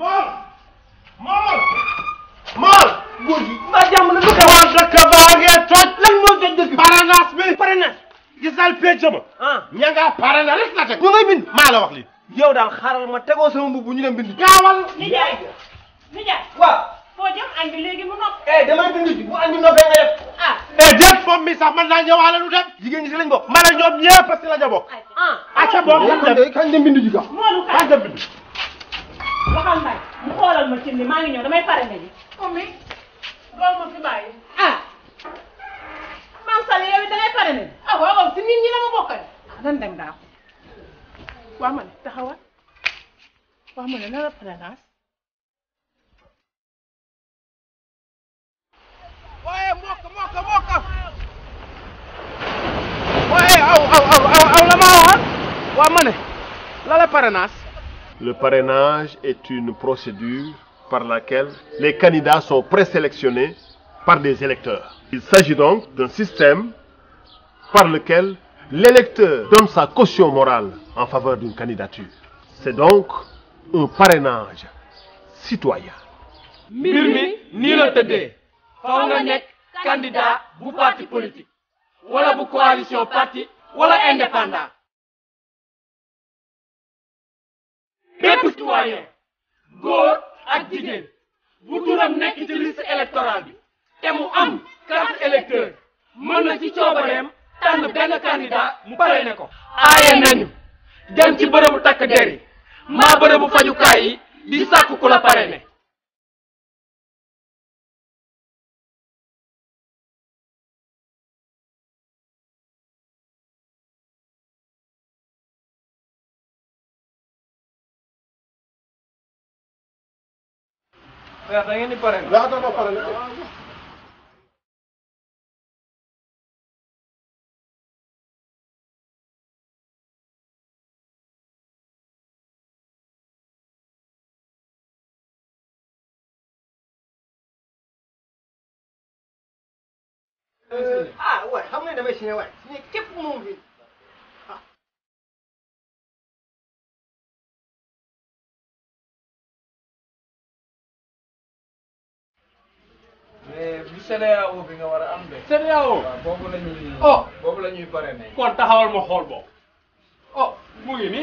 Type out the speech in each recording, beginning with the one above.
mool mool mool góor gi ba jàmm la lu ko waaw dëkk baa ngee toj lan mooy toj dëkk parrainage bi parrainage gisal pécc ma ah ña ngaa parrainage rek la teg ñu ngay bind maa la wax li yow daal xaaral ma tegoo sama mbubb ñu dem bind gaawal nijaay nijaay waaw foo jëm andi léegi mu nopp eh damay bind ji bu andi noppee nga def ah eh def moom mi sax mën naa ñëwaale lu dem jigéen ñi si lañ bokk ma ne ñoom ñëpp si la ñu bokk ah acca bokk kañ dem kañ dem bind ji ga kañ dem bind ma cin maa ngi ñëw damay pare nga ji. ummi loolu ma fi bàyyi. ah maam Sall yow it pare nga ji. ah waaw waaw si nit ñi la ma bokkal. ah lan dem daaw waa ma ne waa ma ne lan la waaye mbokk mbokk mbokk. waaye aw aw aw aw la ma waa ma ne lan la Le parrainage est une procédure par laquelle les candidats sont présélectionnés par des électeurs. Il s'agit donc d'un système par lequel l'électeur donne sa caution morale en faveur d'une candidature. C'est donc un parrainage citoyen. mbir mi nii la tëddee. faw candidat bu parti politique. wala bu coalition parti wala indépendant. bépp citoyen góor ak jigéen bu nekk ci liste électorale bi te mu am carte électeur mën na ci coobareem tànn benn candidat mu pare ne ko aaye nañu dem ci bërëbu takk der yi maa bërëbu fajukaay di sàkk ku wax da ngeen di pare wax dafa pare la ah waay xam nga damay signé waay signé képp moom fii CEDEAO bi nga war a am de. CEDEAO boobu oh. ne. kon taxawal ma xool boobu. oh mu ngi ne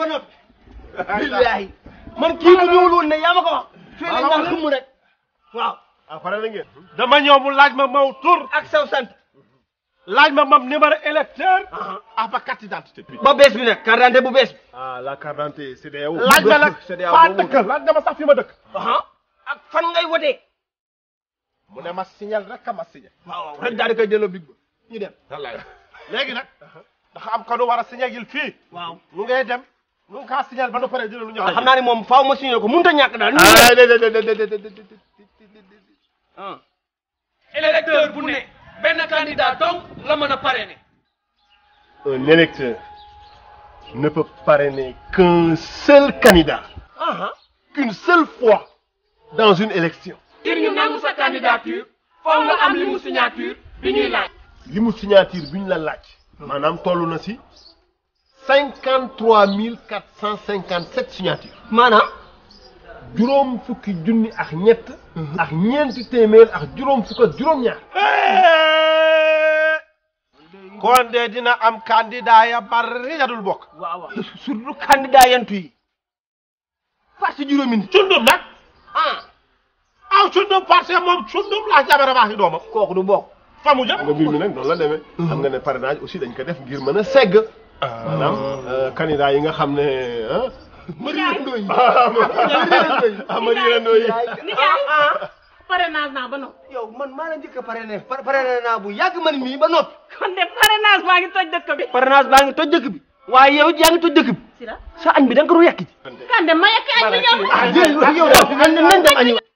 ba noppi. billahi ne ngeen. dama ñëw mu laaj ma maw tur. ak saw sant. laaj ma mam numéro électeur. ak carte d'identité bi. ba bees bi nag carte d'identité bu bees bi. ah la carte d'identité CEDEAO. laaj ma nag faa dëkk laaj ma sax fi ma dëkk. ak fan ngay wotee. mu ne ma signal rek ka ma signal. waaw rek daal di koy delloo big ba ñu dem. wallaay léegi nag. dafa am kanu war a signalil fii. waaw mu ngay dem. mu ngi kaa signal ba nu paree dina lu ñor. xam naa ne moom faaw ma signal ko mënut a ñàkk daal. ah déedéet déedéet déedéet déedéet. électeur bu ne. benn candidat donc la mën a parrainer. un électeur ne peut parrainer qu'un seul candidat. ah qu'une seule fois dans une élection. ngir ñu nangu sa candidature foog nga am limu signature bi la laaj. maanaam toll na si. cinquante trois mille juróom fukki junni ak ñett mhm. ak ñeenti téeméer ak juróom fukk juróom ñaar kon de dina am candidat ya bari ya dul bokk waaw surtout candidat yantu yi parti juróomi ni cundum nag ah aw cundum parti moom cundum la jabara baax i doomam kooku du bokk famu mu jëm nga nag noonu la demee mhm. xam nga ne parrainage aussi dañ ko def ngir mën a segg ah. maanaam euh, yi nga xam ne Marie Ndoye ah Marie Ndoye ah pare naa ba noppi. yow man maa la njëkk a pare ne pare naa bu yàgg man mii ba noppi. kon de parrainage baa ngi toj dëkk bi. parrainage baa ngi toj dëkk bi. waaye yow yaa ngi toj dëkk bi. sa añ bi da nga ko doon yàq ji. kan de ma yàq añ bi ñëw. ah yow man nañ dem añ